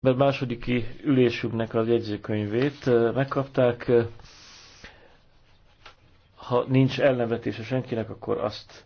mert második ülésünknek az jegyzőkönyvét eh, megkapták. Eh, ha nincs ellenvetése senkinek, akkor azt